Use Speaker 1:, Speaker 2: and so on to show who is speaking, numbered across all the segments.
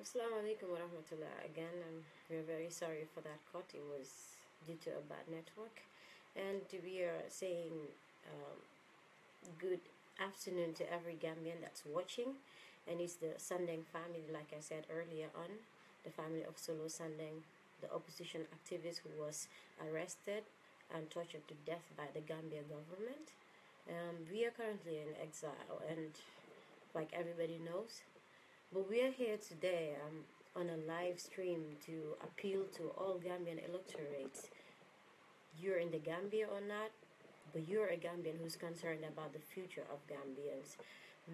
Speaker 1: Assalamu alaikum warahmatullah. Again, um, we're very sorry for that cut. It was due to a bad network. And we are saying um, good afternoon to every Gambian that's watching. And it's the Sandeng family, like I said earlier on, the family of Solo Sandeng, the opposition activist who was arrested and tortured to death by the Gambia government. Um, we are currently in exile, and like everybody knows, but we are here today um, on a live stream to appeal to all Gambian electorates. You're in the Gambia or not, but you're a Gambian who's concerned about the future of Gambians.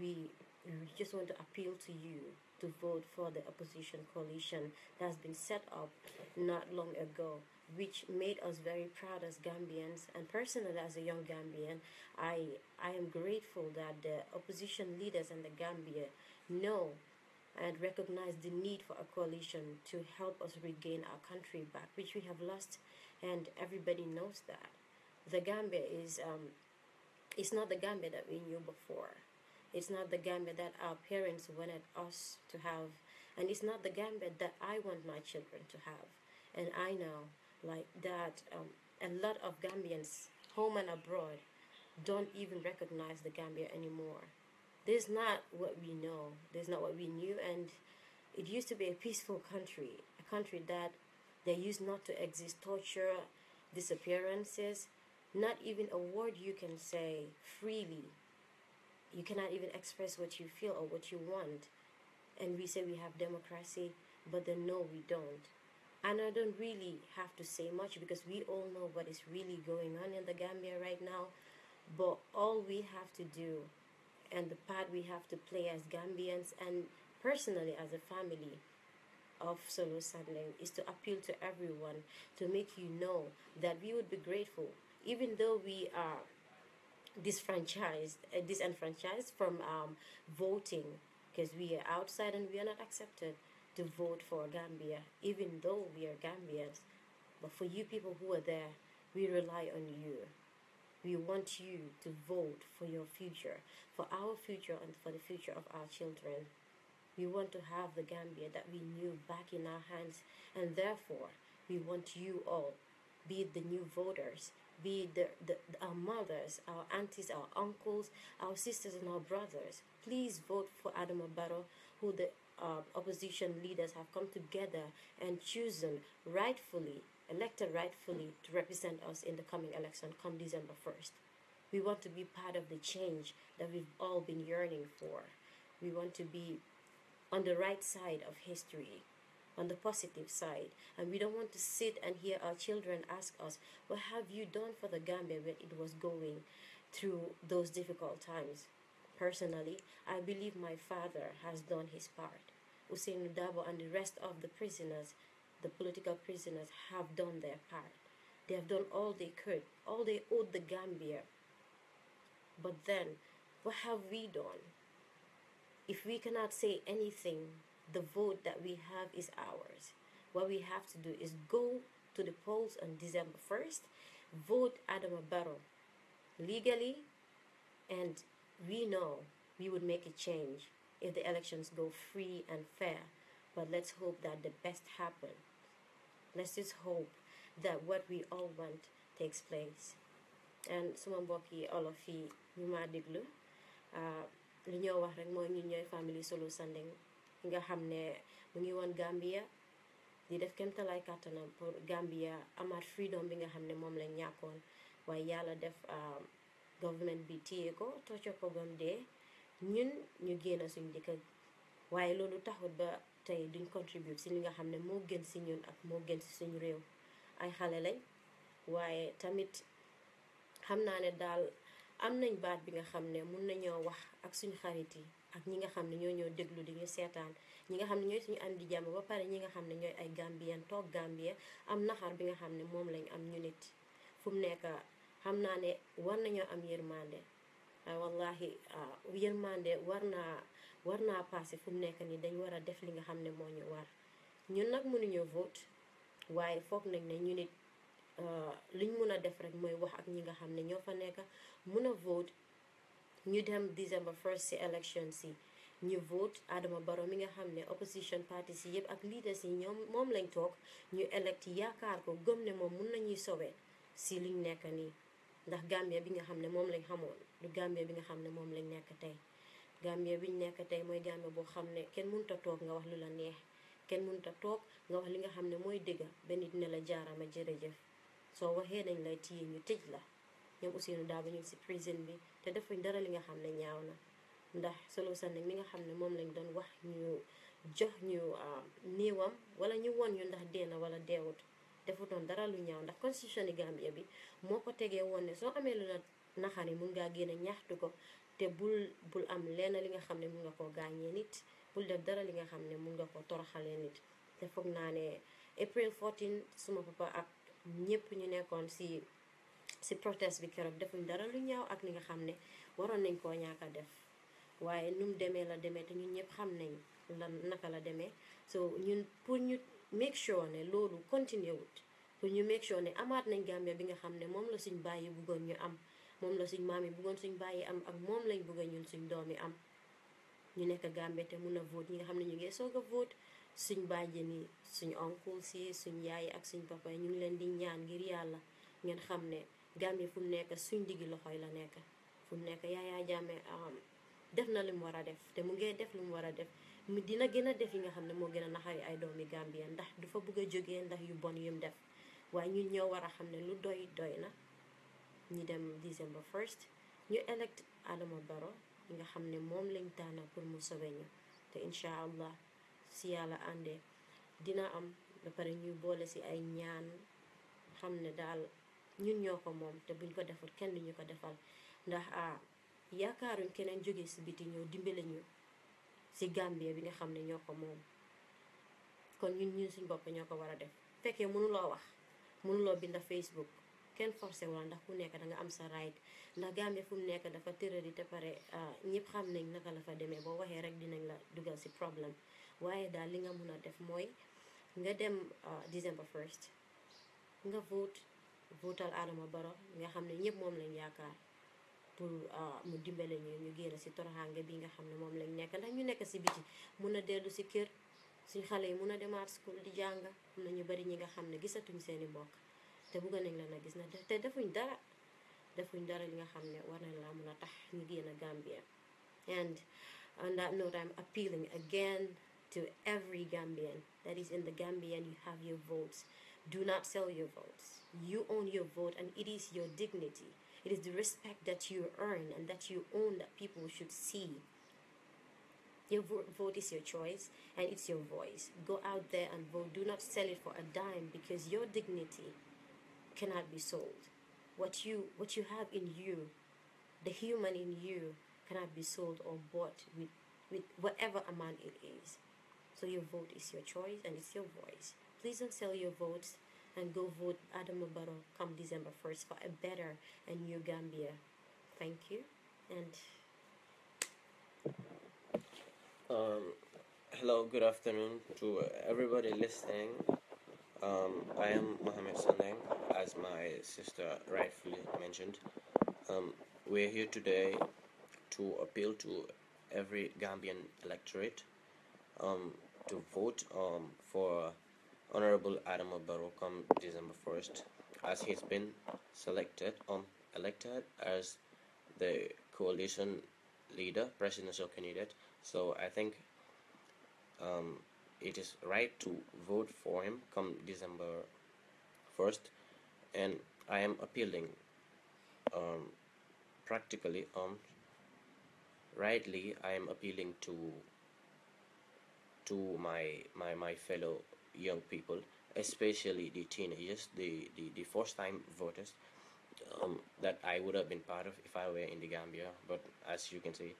Speaker 1: We, we just want to appeal to you to vote for the opposition coalition that has been set up not long ago, which made us very proud as Gambians. And personally, as a young Gambian, I, I am grateful that the opposition leaders in the Gambia know and recognize the need for a coalition to help us regain our country back, which we have lost, and everybody knows that. The Gambia is um, it's not the Gambia that we knew before. It's not the Gambia that our parents wanted us to have, and it's not the Gambia that I want my children to have. And I know, like that, um, a lot of Gambians, home and abroad, don't even recognize the Gambia anymore this is not what we know. This is not what we knew. And it used to be a peaceful country, a country that they used not to exist torture, disappearances, not even a word you can say freely. You cannot even express what you feel or what you want. And we say we have democracy, but then no, we don't. And I don't really have to say much because we all know what is really going on in the Gambia right now. But all we have to do and the part we have to play as Gambians and personally as a family of solo saddling is to appeal to everyone to make you know that we would be grateful even though we are disfranchised uh, disenfranchised from um, voting because we are outside and we are not accepted to vote for Gambia even though we are Gambians but for you people who are there we rely on you we want you to vote for your future, for our future, and for the future of our children. We want to have the Gambia that we knew back in our hands, and therefore we want you all, be it the new voters, be it the, the, our mothers, our aunties, our uncles, our sisters, and our brothers. Please vote for Adam Obaro, who the uh, opposition leaders have come together and chosen rightfully elected rightfully to represent us in the coming election come December 1st. We want to be part of the change that we've all been yearning for. We want to be on the right side of history, on the positive side. And we don't want to sit and hear our children ask us, What have you done for the Gambia when it was going through those difficult times? Personally, I believe my father has done his part. Usain Dabo and the rest of the prisoners the political prisoners have done their part. They have done all they could, all they owed the Gambia. But then, what have we done? If we cannot say anything, the vote that we have is ours. What we have to do is go to the polls on December 1st, vote Adam Barrow legally, and we know we would make a change if the elections go free and fair. But let's hope that the best happens. Let's just hope that what we all want takes place. and suma mbokk yi olof yi ñu ma déglu ah, li ñoo wax rek mooy ñun ñooy family Solo Sandeng nga xam ne mu ngi woon Gambia di def kemtalaay kàttanam pour Gambia amaat freedom bi nga xam ne moom lañ ñàkkoon waaye yàlla def ah, government bi téye ko tocco ko bam dee ñun ñu génn suñ dëkk waaye loolu taxut ba tey duñ contribute si li nga xam ne moo gën si ñun ak moo gën si suñu réew ay xale lañ waaye tamit xam naa ne daal am nañ baat bi nga xam ne mun nañoo wax ak suñu xarit yi ak ñi nga xam ne ñoo ñoo déglu di ñu seetaan ñi nga xam ne ñooy suñu am di jàmm ba pare ñi nga xam ne ñooy ay Gambien toog Gambie am naxar bi nga xam ne moom lañ am ñunit nit fu mu nekk xam naa ne war nañoo am yërmande Ah, wallahi ah, yërmande war naa war naa passé fu mu nekk nii dañ war a def li nga xam ne moo ñu war ñun nag mënuñoo vote waaye foog nañ ne ñu nit ah, liñ mun a def rek mooy wax ak ñi nga xam ne ñoo fa nekk mun a vote ñu dem December first si election si ñu vote Adama Barrow yi nga xam ne opposition party si yëpp ak leaders yi ñoom moom lañ toog ñu elect yaakaar ko gëm ne moom mun nañuy sowe si liñ nekk nii ndax Gambia bi nga xam ne moom lañ xamoon du Gambie bi nga xam ne moom lañ nekk tey Gambie biñ nekk tey mooy Gambie boo xam ne kenn mënut a toog nga wax lu la neex kenn mënut a toog nga wax li nga xam ne mooy dëgga ba nit ne la jaarama jëf soo waxee dañ lay téye ñu tëj la ñoom Ousseynou Daba ñu ngi si prison bi te defuñ dara li nga xam ne ñaaw na ndax solo sa nag mi nga xam ne moom lañ doon wax ñu jox ñu ah, niiwam wala ñu won ñu ndax dee na wala deewut defutoon dara lu ñaaw ndax constitution yi Gambia bi moo ko tegee woon ne soo amee lu naxari mun ngaa génn ñaxtu ko te bul bul am lenn li nga xam ne mun nga koo gaañee nit bul def dara li nga xam ne mun nga koo toroxalee nit te foog naa ne April 14 suma papa ak ñëpp ñu nekkoon si si protest bi keroog defuñ dara lu ñaaw ak li nga xam ne waroon nañ koo ñàkk a def waaye nu mu demee la demee te ñu ñëpp xam nañ lan naka la demee so ñun pour ñu make sure ne loolu continuer wut pour ñu make sure ne amaat nañ Gambia bi nga xam ne moom la suñ bàyyi bëggoon ñu am moom la suñ maam yi bëggoon suñ bàyyi am ak moom lañ bëgg ñun suñ doom yi am ñu nekk gàmbee te mun a vote ñi nga xam ne ñu ngi soog a vote suñ bàjjen yi suñ oncle si suñ yaay ak suñ papa yi ñu ngi leen di ñaan ngir yàlla ngeen xam ne Gambie fu mu nekk suñ diggi loxoy la nekk fu mu nekk Yaya Jammeh um, def na li mu war a def te mu ngee def lu mu war a def mu dina gën a def yi nga xam ne moo gën a naxari ay doomi Gambie ndax du fa bëgg a jógee ndax yu bon yum def waaye ñun ñoo war a xam ne lu doy doy na ñu dem December first ñu elect Adama Barrow yi nga xam ne moom lañ tànna pour mu sobe ñu te incha allah si yàlla ànde dina am ba pare ñuy boole si ay ñaan xam ne daal ñun ñoo ko moom te buñ ko defal kenn ñu ko defal ndax a ah, yaakaaruñ keneen jóge si biti ñëw dimbale ñu si Gambia bi nga xam ne ñoo ko moom kon ñun ñun suñ bopp ñoo ko war a def fekkee mënuloo wax mënuloo binda Facebook Ken forcé wala ndax ku nekk da nga am sa right ndax Gambie fu mu nekk dafa tërëri te pare ah, ñëpp xam nañ naka la fa demee boo waxee rek dinañ la dugal si problème waaye daal li nga mun def mooy nga dem ah, December first nga vote votal Adama baro nga xam ne ñëpp moom lañ yaakaar pour ah, mu dimbale ñu ñu génn si torhangga bi nga xam ne moom lañ nekk ndax ñu nekk si biti mun a dellu si kër suñ xale yi mun a demaat school di jàng am na ñu bari ñi nga xam gisatuñ seeni mbokk te bugg nañ la na gis na te defuñ dara defuñ dara li nga xam ne war nañ la mën a tax ñu génn Gambia and on that note I'm appealing again to every Gambian that is in the Gambia and you have your votes do not sell your votes you own your vote and it is your dignity it is the respect that you earn and that you own that people should see your vote is your choice and it's your voice. Go out there and vote. Do not sell it for a dime because your dignity cannot be sold. What you what you have in you, the human in you cannot be sold or bought with with whatever amount it is. So your vote is your choice and it's your voice. Please don't sell your votes and go vote Adam Mubaro come December 1st for a better and new Gambia. Thank you.
Speaker 2: And um, hello, good afternoon to everybody listening. Um, I am Mohamed Sandeng, as my sister rightfully mentioned. Um, we're here today to appeal to every Gambian electorate um, to vote um, for Honorable Adamo Barrow come December 1st, as he's been selected um, elected as the coalition leader, presidential candidate. So I think um, it is right to vote for him come December 1st and I am appealing um, practically um rightly I am appealing to to my my my fellow young people especially the teenagers the the, the first time voters um, that I would have been part of if I were in the Gambia but as you can see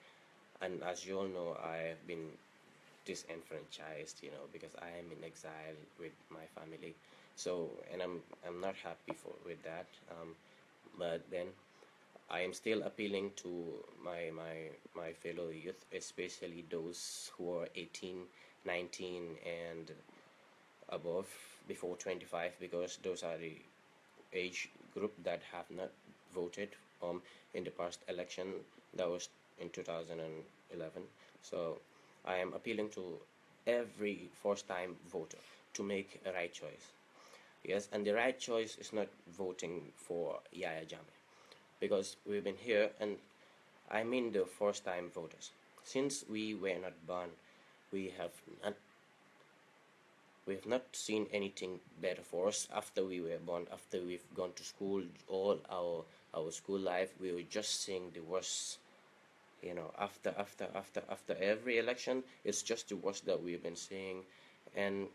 Speaker 2: and as you all know I have been disenfranchised you know because i am in exile with my family so and i'm i'm not happy for with that um, but then i am still appealing to my my my fellow youth especially those who are 18 19 and above before 25 because those are the age group that have not voted um in the past election that was in 2011 so I am appealing to every first time voter to make a right choice. Yes, and the right choice is not voting for Yaya Jammeh because we've been here and I mean the first time voters. Since we were not born, we have not we have not seen anything better for us after we were born, after we've gone to school all our our school life, we were just seeing the worst you know after after after after every election it's just the worst that we've been seeing and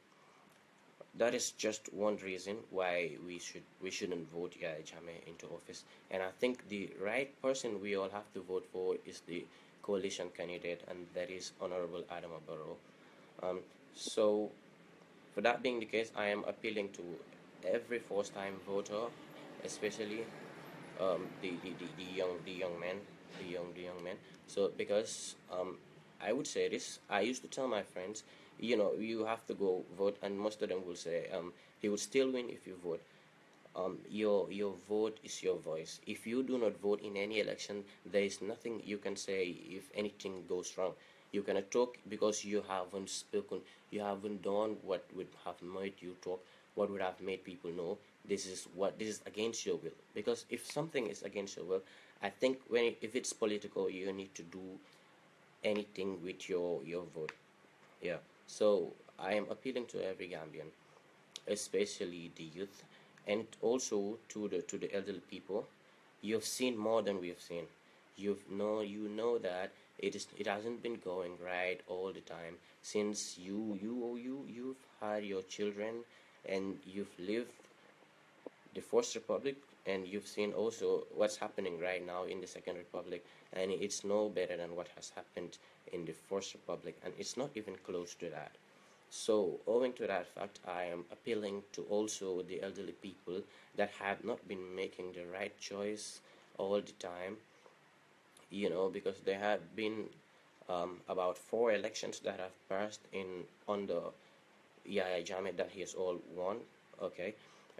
Speaker 2: that is just one reason why we should we shouldn't vote Yahya Jammeh into office and I think the right person we all have to vote for is the coalition candidate and that is Honorable Adam Barrow um, so for that being the case I am appealing to every first time voter especially um, the, the, the, the young the young men the young the young men so because um, I would say this I used to tell my friends you know you have to go vote and most of them will say um, he would still win if you vote um, your your vote is your voice if you do not vote in any election there is nothing you can say if anything goes wrong you cannot talk because you haven't spoken you haven't done what would have made you talk what would have made people know this is what this is against your will because if something is against your will I think when if it's political, you need to do anything with your your vote. Yeah. So I am appealing to every Gambian, especially the youth, and also to the to the elderly people. You've seen more than we've seen. You've know you know that it is it hasn't been going right all the time since you you you you've had your children and you've lived the first republic and you've seen also what's happening right now in the second republic and it's no better than what has happened in the first republic and it's not even close to that so owing to that fact i am appealing to also the elderly people that have not been making the right choice all the time you know because there have been um, about four elections that have passed in on the Yahya Jammeh that he has all won okay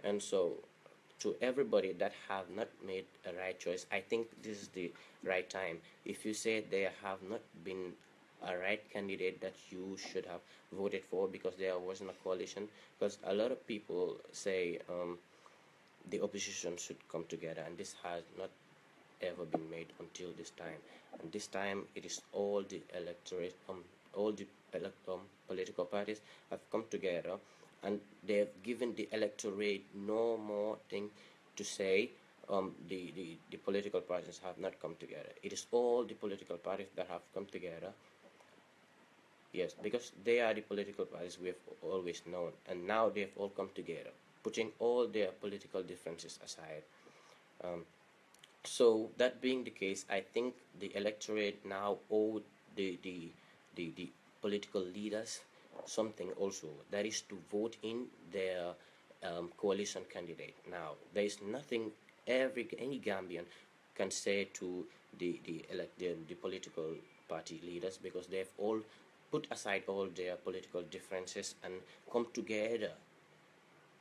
Speaker 2: and so to everybody that have not made a right choice i think this is the right time if you say they have not been a right candidate that you should have voted for because there wasn't a coalition because a lot of people say um, the opposition should come together and this has not ever been made until this time and this time it is all the electorate um, all the elect- um, political parties have come together and they've given the electorate no more thing to say um, the, the, the political parties have not come together. It is all the political parties that have come together. Yes, because they are the political parties we have always known, and now they have all come together, putting all their political differences aside. Um, so that being the case, I think the electorate now owe the the the, the political leaders something also, that is to vote in their um, coalition candidate. Now, there is nothing every any Gambian can say to the the, elect, the, the political party leaders because they've all put aside all their political differences and come together.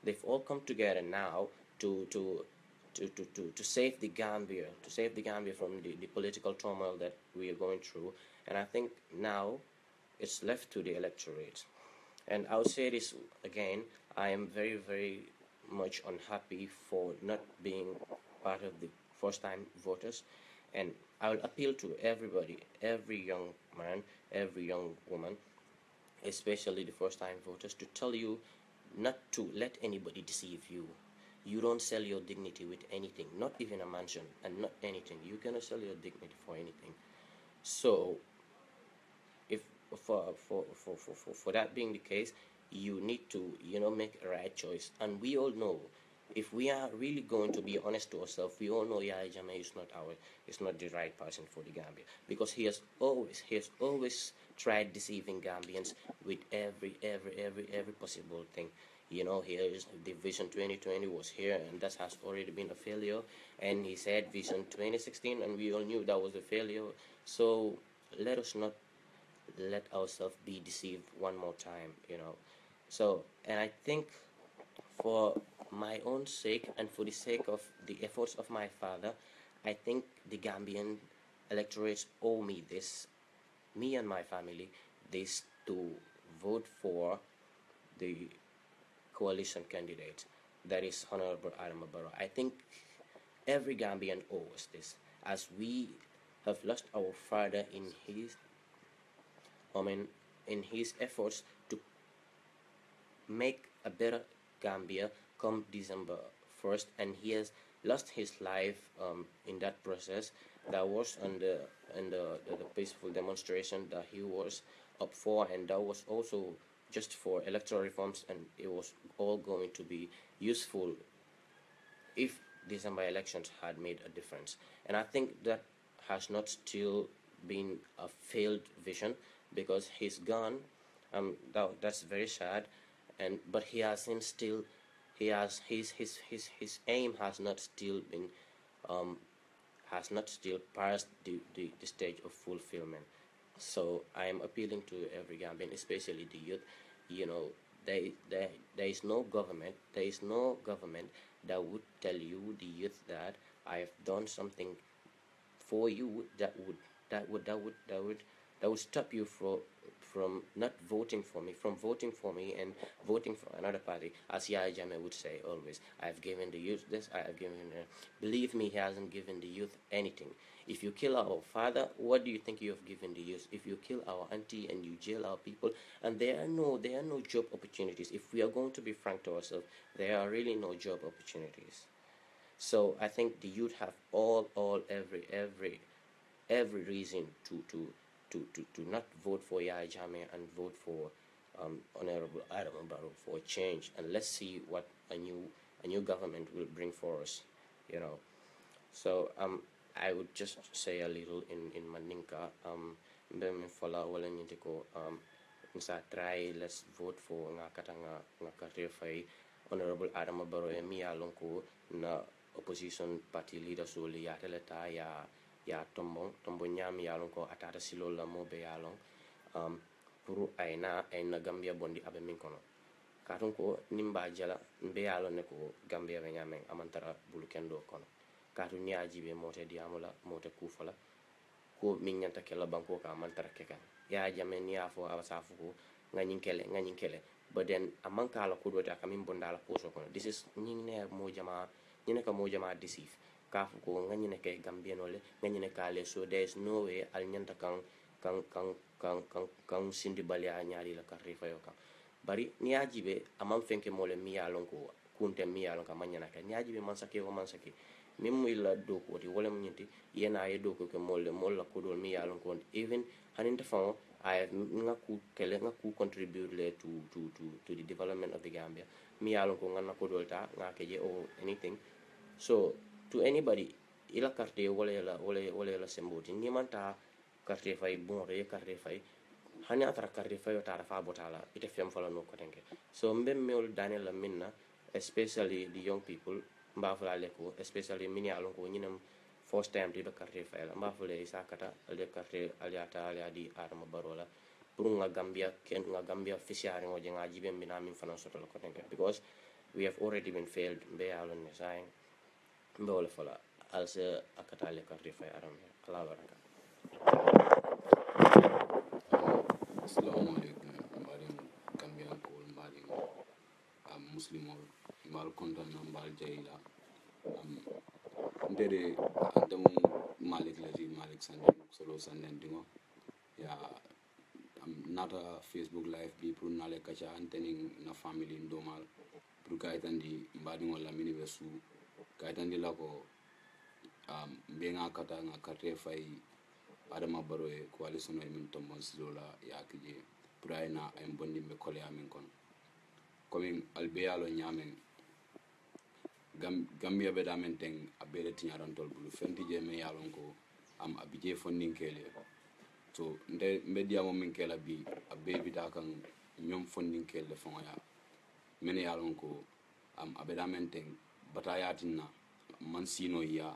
Speaker 2: They've all come together now to to to, to, to, to save the Gambia, to save the Gambia from the, the political turmoil that we are going through. And I think now it's left to the electorate. And I'll say this again I am very, very much unhappy for not being part of the first time voters. And I will appeal to everybody, every young man, every young woman, especially the first time voters, to tell you not to let anybody deceive you. You don't sell your dignity with anything, not even a mansion, and not anything. You cannot sell your dignity for anything. So for, for, for, for, for, for that being the case, you need to, you know, make a right choice. And we all know if we are really going to be honest to ourselves, we all know Yaya Jame is not our, is not the right person for the Gambia because he has always, he has always tried deceiving Gambians with every, every, every, every possible thing. You know, here is the Vision 2020 was here, and that has already been a failure. And he said Vision 2016, and we all knew that was a failure. So let us not let ourselves be deceived one more time you know so and i think for my own sake and for the sake of the efforts of my father i think the gambian electorates owe me this me and my family this to vote for the coalition candidate that is honorable adam barrow i think every gambian owes this as we have lost our father in his I mean, in his efforts to make a better Gambia come December 1st, and he has lost his life um, in that process. That was in, the the, the, the peaceful demonstration that he was up for, and that was also just for electoral reforms, and it was all going to be useful if December elections had made a difference. And I think that has not still been a failed vision because he's gone um that, that's very sad and but he has him still he has his his his his aim has not still been um has not still passed the, the, the stage of fulfillment so i am appealing to every gambian especially the youth you know there, there, there is no government there is no government that would tell you the youth that i have done something for you that would that would that would that would that will stop you from from not voting for me, from voting for me and voting for another party, as Yahya Jame would say always, I've given the youth this, I have given, uh, believe me, he hasn't given the youth anything. If you kill our father, what do you think you have given the youth? If you kill our auntie and you jail our people, and there are no, there are no job opportunities. If we are going to be frank to ourselves, there are really no job opportunities. So I think the youth have all, all, every, every, every reason to, to, to, to, to not vote for Yahya Jammeh and vote for um, Honorable Adam Barrow for change. And let's see what a new a new government will bring for us, you know. So um, I would just say a little in in Maninka Um, i fola wala nyinte ko um try let's vote for nga kata honorable Adam Barrow e mi ya lonko na opposition party leader so li ya ya ya tombo tombo ñaami yalon ko atata silo la moɓe yalon um, pour ayna ayna gambia bondi abe min kono katun ko nimba jala mbe yalon ne ko gambia ɓe ñamen amantara bulu kendo kono katu ni a mote diyamula mote kufola ko min ñanta kella banko ka amantara kekan ya jame ya fo awa safu ko ngañin kele ngañin kele but then amanka ala kuɗote akamin bondala poso kono this is ñing mo jama ñine ka mo jama deceive kafu ko nganyine kay gambienole nganyine kale so there is no way al nyanta kan kan kan kan kan kan sindi bali a nyaari la kan rifa yo kan bari ni aji be amam fenke mole mi ya lon ko kunte mi ya lon kan manyana kan ni ajibe man sake ko man sake min mu illa ko ti wala mu nyinti yena ye ko ke mole molla ko dol mi ya lon ko even haninta famo I nga ku kele nga ku contribute le to to to to the development of the Gambia mi ya lon ko ngana ko dolta nga je or oh, anything so to anybody ila karte wala ila wala wala ila sembuti ni manta carte fay bon re carte fay hani atara carte fay o tara fa botala ite fem fala no ko tenke so mbem meol daniel la minna especially the young people mbafula leko especially mini alon ko nyinam first time ti be carte fay la mbafula isa kata le carte aliata aliadi arma barola pour nga gambia ken nga gambia fisiare ngo jenga jibe mbina min fana soto ko tenke because we have already been failed be alon ne saying mbewole fola alse akatale kan rifa aram ala
Speaker 3: baraka assalamu alaikum mbaɗen kambiyankowol mbaɗen am muslimol mbal contanna mbal jeyla am ndere andamu malik lati malik sanden solo sanden dingo ya am nata facebook live bi pour nale kaca antenin na family ndomal pour kayitandi mbaɗiŋol lamini ɓe suu kayitandi la ko um, mbe ŋa kata ŋa karite fayi adama baro ye ko ali sono ye min tombon sido ye a kije pour aye na ayen bondinɓe koleya min kono komin ali be ye lo ñamen gambiya be damen ten a be le tiñarantol bulu fenti je min ye ko am a bije fondinkele so nte mbe diyamo min kela bi a be bita kan ñom fondinkele le faŋoya min ye ko am a be damen ten bata yatinna man sino ya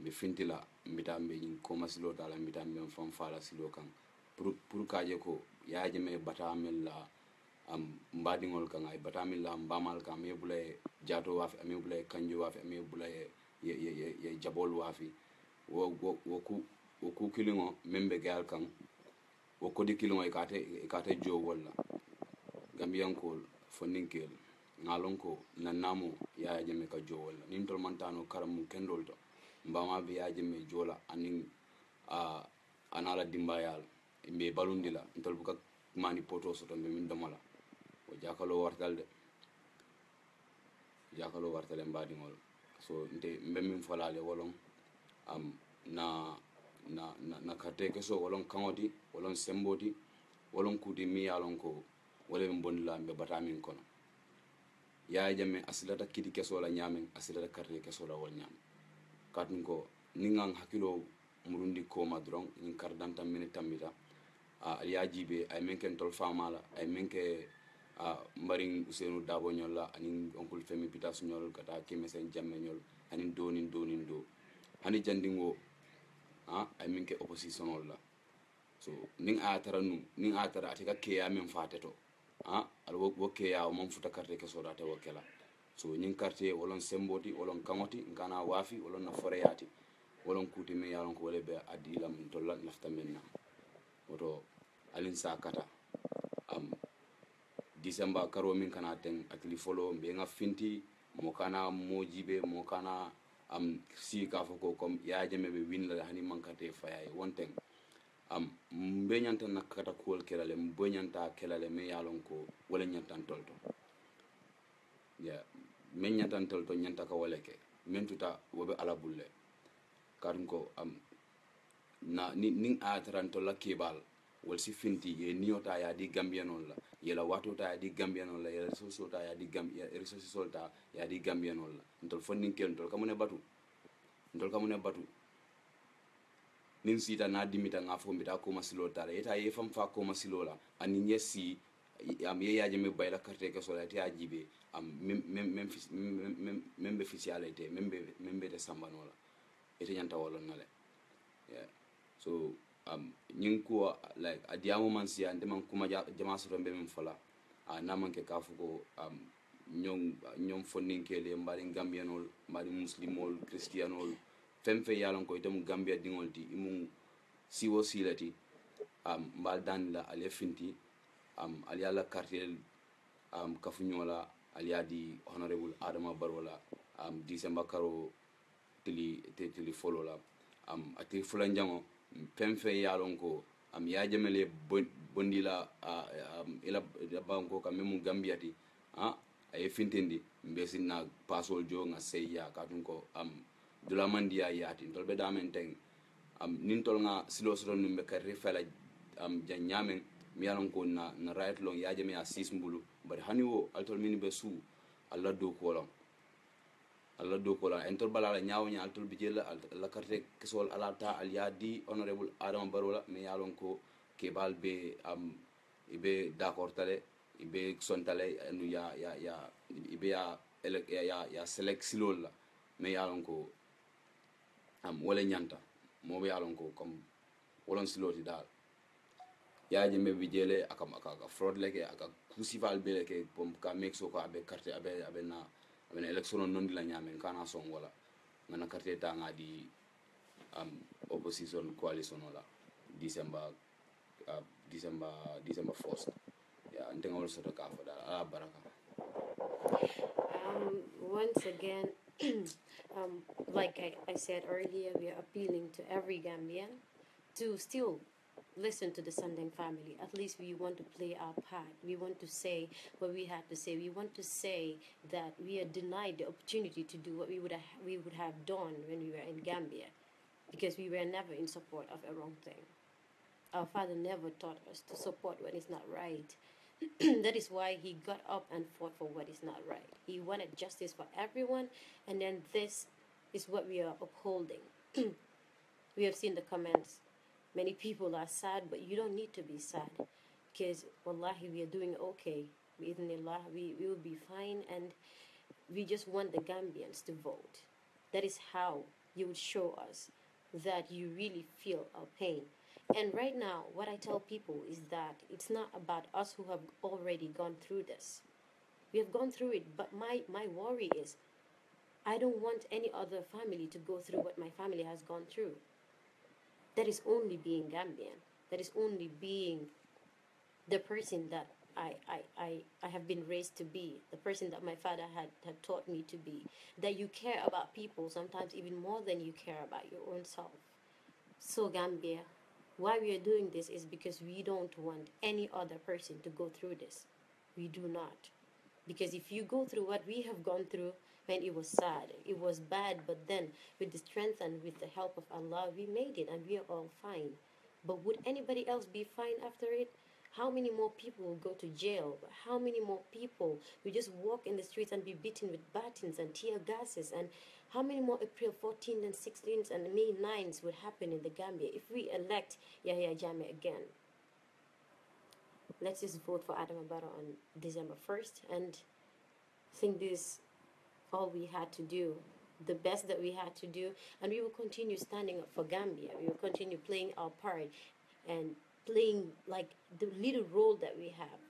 Speaker 3: mbe fintila mbita mbe ñin koma silo tala mbita mbe fan fala silo kan pour pour kaje ko yaje me bata mel la am mbadiŋol kan ay bata mel la mbamal kan ame bula ye jato wafi ame bula ye kanjo wafi ame bula ye ye ye jabol wafi wo wo wo ku wo ku kiliŋo meŋ be geyal kan wo kodi kiliŋo ikate ikate jo wol la gambiyankol fo niŋ ngalon ko nannamu yaya jeme ka jowol la nin tol mantano karamu kendol to mbama be yaya jame jola anin a anala dimbayal mbe balundi la ntol buka mani poto soto mbe min la o jakalo wartal de jakalo wartale mba mbadiŋol so nte mbe min folale wolon am na na na, na kate keso wolon kaŋo ti wolon sembo ti wolon kuti mi ye lon ko wole ɓe bondila mbe bata min kono yaya jame asilata kiti kesola ñamen asilata karne kesola wol ñam katun ko ni ngan hakkilo murundi koma doron ñin kardanta mine tammita uh, ah, ali ya jibe ay men ken fama la ay men ke uh, ah, mbarin usenu dabo ñol la anin onkul femi pitas ñol kata kimesen jamme ñol anin donin donin do hani jandingo ha ah, ay men ke opposition la so nin a tara nu nin a tara ati ka keya men fateto aɗa wokke yawo mam futa carte ke sodate wokkela so ñin quartier wolon semboti wolon kaŋoti gana waafi wolon no fore yaati wolon kuuti min yalon ko wole ɓe addi ilam tolla nafta min na woto alin sa kata am décembre karo min kana ten akili folo mbiyega finti mo kana mojiɓe mo kana am sii kafo ko comme yaajameɓe winlade hani mankarte fayaye wonten am mbe ñanta na kata kuwol kelale mbe kelale me yalon ko wala ñantan tolto ya men ñantan tolto ñanta ka wala ke men tuta wobe ala bulle kadum ko am na ni nin a taranto la kebal wol si finti ye niyota ya di gambianol la yela ta ya di gambianol la yela ta ya di gambia ya resource solta ya di gambianol la ntol fonni kel ntol kamune batu ntol kamune batu nin sita na dimita nga fo mbita ko masilo tara eta ye fam fa ko masilo la ani nyesi am ye yaje me bayla karte ke so la te ajibe am mem mem mem mem be fisialite mem be mem de sambano la ete nyanta wolon na le yeah so um nyin ko like adiamo man si ande man kuma jama so be mem fola a na man ke kafu ko um ñom ñom fo le mbari gambianol mbari muslimol kristianol feŋ feŋ ye a ko ite gambia gambiya diŋolu ti i mu siwo sii le ti um, mbaal daani la ali ye finti um, ali ye a la um, kafuñoo la ali ye a di honorable adama baro la um, disemba karo tili tili folo la um, a tili fulanjaŋo feŋ y'a ye a am um, ye a bondi la uh, um, i la banko ka memu mu gambiya ti uh, a ye fintindi mbe sinna paasol jo ŋa seyiya kaatuŋ ko um, dula mandiya yaati ntol be damen teng am nin tol nga silo soto num be karre fela am janyamen mi yalan ko na na right long yaje me asis mbulu bari hani wo altol min be su alla do ko lon alla do ko lon entol bala la nyaaw nyaa altol bijel la karte kesol ala ta al yadi honorable adam barola mi yalan ko kebal be am ibe d'accord tale ibe sontale anu ya ya ya ibe ya ya ya, select silol la mi yalan ko am wala ñanta moɓe alon ko comme wolon siloti dal yaje mbe bijele akam akaga fraud leke aka kusival be leke pom ka make so ko abe carte abe abe na abe na election non dila nyamen kana son wala ngana carte ta di am opposition coalition la december uh, december december 1st ya ntenga wala soto ka fa daal ala baraka
Speaker 1: um, once again um, like I, I said earlier, we are appealing to every Gambian to still listen to the Sundang family. At least we want to play our part. We want to say what we have to say. We want to say that we are denied the opportunity to do what we would have, we would have done when we were in Gambia, because we were never in support of a wrong thing. Our father never taught us to support what is not right. that is why he got up and fought for what is not right. He wanted justice for everyone, and then this is what we are upholding. we have seen the comments. Many people are sad, but you don't need to be sad because wallahi, we are doing okay. we, we will be fine, and we just want the Gambians to vote. That is how you would show us that you really feel our pain. And right now, what I tell people is that it's not about us who have already gone through this. We have gone through it, but my, my worry is I don't want any other family to go through what my family has gone through. That is only being Gambian. That is only being the person that I, I, I, I have been raised to be, the person that my father had, had taught me to be. That you care about people sometimes even more than you care about your own self. So, Gambia, why we are doing this is because we don't want any other person to go through this. We do not. Because if you go through what we have gone through, man, it was sad. It was bad, but then with the strength and with the help of Allah, we made it and we are all fine. But would anybody else be fine after it? How many more people will go to jail? How many more people will just walk in the streets and be beaten with batons and tear gases? And how many more April 14th and 16th and May 9th will happen in the Gambia if we elect Yahya Jammeh again? Let's just vote for Adam Abaro on December 1st and think this all we had to do the best that we had to do and we will continue standing up for gambia we will continue playing our part and playing like the little role that we have.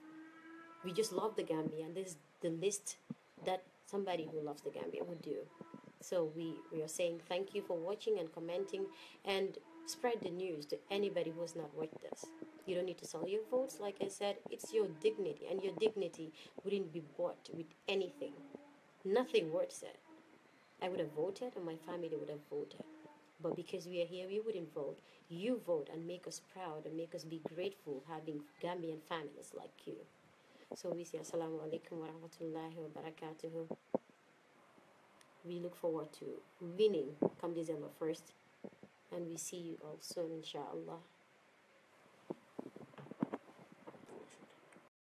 Speaker 1: We just love the Gambia, and this is the list that somebody who loves the Gambia would do. So we, we are saying thank you for watching and commenting and spread the news to anybody who has not watched this. You don't need to sell your votes. Like I said, it's your dignity, and your dignity wouldn't be bought with anything. Nothing worth it. I would have voted, and my family would have voted. But because we are here, we wouldn't vote. You vote and make us proud and make us be grateful having Gambian families like you. So we say Assalamu alaikum wa rahmatullahi wa We look forward to winning come December 1st. And we see you all
Speaker 2: soon, inshallah.